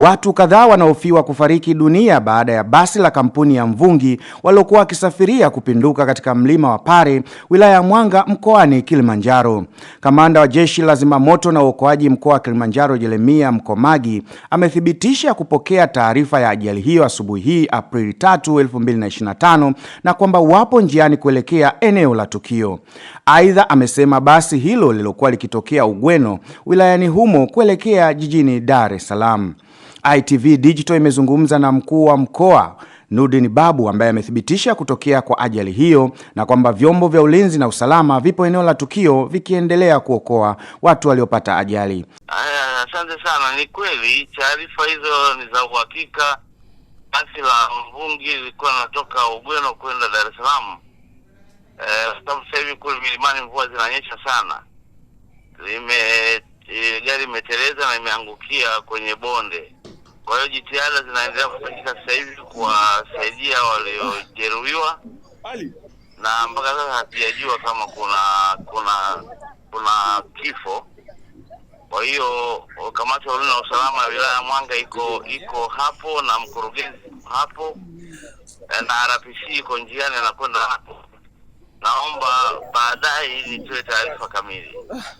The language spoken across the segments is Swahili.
Watu kadhaa wanahofiwa kufariki dunia baada ya basi la kampuni ya Mvungi waliokuwa wakisafiria kupinduka katika mlima wa Pare, wilaya ya Mwanga, mkoani Kilimanjaro. Kamanda wa Jeshi la Zimamoto na Uokoaji mkoa wa Kilimanjaro, Jeremia Mkomagi, amethibitisha kupokea taarifa ya ajali hiyo asubuhi hii Aprili 3, 2025 na kwamba wapo njiani kuelekea eneo la tukio. Aidha, amesema basi hilo lililokuwa likitokea Ugweno wilayani humo kuelekea jijini Dar es Salaam. ITV Digital imezungumza na mkuu wa mkoa nudin Babu ambaye amethibitisha kutokea kwa ajali hiyo na kwamba vyombo vya ulinzi na usalama vipo eneo la tukio vikiendelea kuokoa watu waliopata ajali. Asante sana. Ni kweli taarifa hizo ni za uhakika. Basi la Mvungi lilikuwa natoka Ugweno kwenda Dar es Salaam, eh, kwa sababu sasa hivi kule milimani mvua zinanyesha sana. Lime eh, gari imeteleza na imeangukia kwenye bonde kwa hiyo jitihada zinaendelea kufanyika sasa hivi kuwasaidia waliojeruhiwa, na mpaka sasa hatujajua kama kuna kuna kuna kifo. Kwa hiyo kamati ya ulinzi na usalama ya wilaya ya Mwanga iko iko hapo na mkurugenzi hapo na RPC iko njiani anakwenda hapo. Naomba baadaye nitoe taarifa kamili. Ah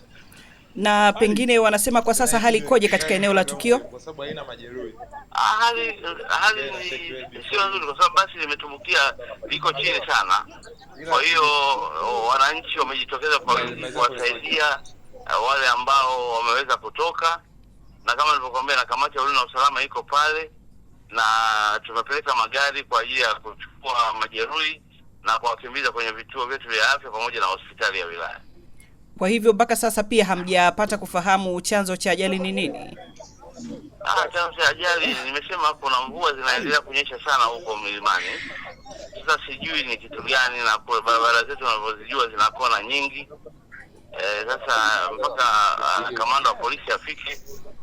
na pengine wanasema kwa sasa hali ikoje katika eneo la tukio? Kwa sababu haina majeruhi. Ah, hali hali sio nzuri, kwa sababu basi limetumbukia, liko chini sana. Kwa hiyo wananchi wamejitokeza kuwasaidia eh, wale ambao wameweza kutoka, na kama nilivyokuambia, na kamati ya ulinzi na usalama iko pale, na tumepeleka magari kwa ajili ya kuchukua majeruhi na kuwakimbiza kwenye vituo vyetu vya afya pamoja na hospitali ya wilaya. Kwa hivyo mpaka sasa pia hamjapata kufahamu chanzo cha ajali ni nini? Ah, chanzo cha ajali nimesema, kuna mvua zinaendelea kunyesha sana huko milimani. Sasa sijui ni kitu gani, na barabara zetu unavyozijua zinakona nyingi. Eh, sasa mpaka uh, kamanda wa polisi afike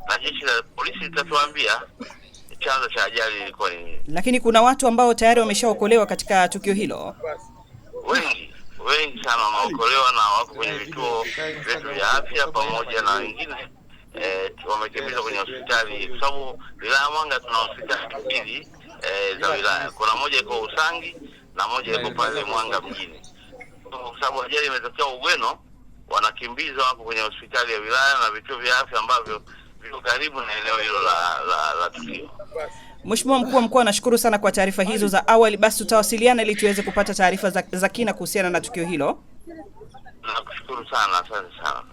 na jeshi la polisi litatuambia chanzo cha ajali ilikuwa nini. Lakini kuna watu ambao tayari wameshaokolewa katika tukio hilo, wengi wengi sana wanaokolewa na wako kwenye vituo vyetu vya afya pamoja na wengine eh, wamekimbizwa kwenye hospitali, kwa sababu wilaya ya Mwanga tuna hospitali mbili eh, za wilaya. Kuna moja iko Usangi na moja iko pale Mwanga mjini. Kwa sababu ajali imetokea Ugweno, wanakimbizwa wako kwenye hospitali ya wilaya na vituo vya afya ambavyo viko karibu na eneo hilo la, la, la tukio. Mheshimiwa mkuu wa mkoa, nashukuru sana kwa taarifa hizo za awali. Basi tutawasiliana ili tuweze kupata taarifa za, za kina kuhusiana na tukio hilo. Nakushukuru sana, asante sana.